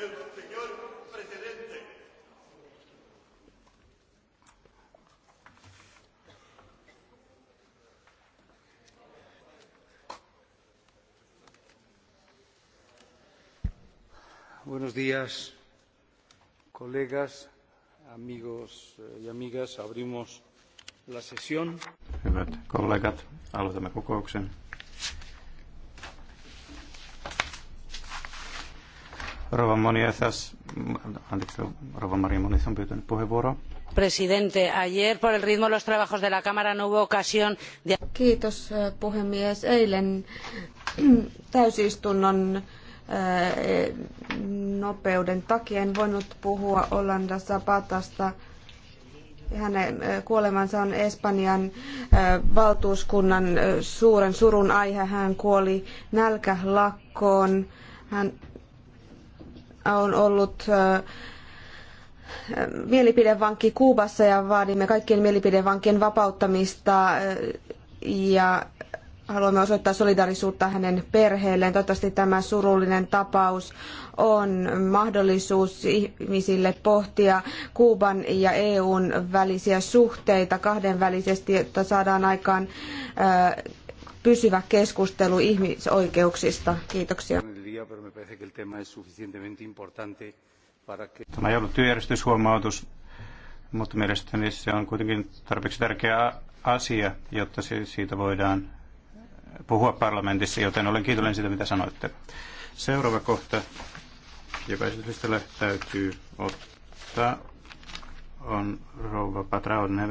el señor presidente. Buenos días, colegas, amigos eh, y amigas. Abrimos la sesión. Hyvät kollegat, aloitamme kokouksen. Rova Moniesas, anteeksi, Rova Maria on pyytänyt puheenvuoroa. Presidente, ayer por el ritmo de los trabajos de la Cámara no hubo ocasión de... Kiitos eh, puhemies. Eilen täysistunnon eh, nopeuden takia en voinut puhua Olanda Zapatasta. Hänen eh, kuolemansa on Espanjan valtuuskunnan suuren surun aihe. Hän kuoli nälkälakkoon. Hän on ollut mielipidevankki Kuubassa ja vaadimme kaikkien mielipidevankien vapauttamista ja haluamme osoittaa solidaarisuutta hänen perheelleen. Toivottavasti tämä surullinen tapaus on mahdollisuus ihmisille pohtia Kuuban ja EUn välisiä suhteita kahdenvälisesti, jotta saadaan aikaan pysyvä keskustelu ihmisoikeuksista. Kiitoksia pero me parece que el tema es suficientemente importante para que... Tämä ei ollut työjärjestyshuomautus, mutta mielestäni se on kuitenkin tarpeeksi tärkeä asia, jotta siitä voidaan puhua parlamentissa, joten olen kiitollinen siitä, mitä sanoitte. Seuraava kohta, joka esityksestä täytyy ottaa, on rouva patraudneve.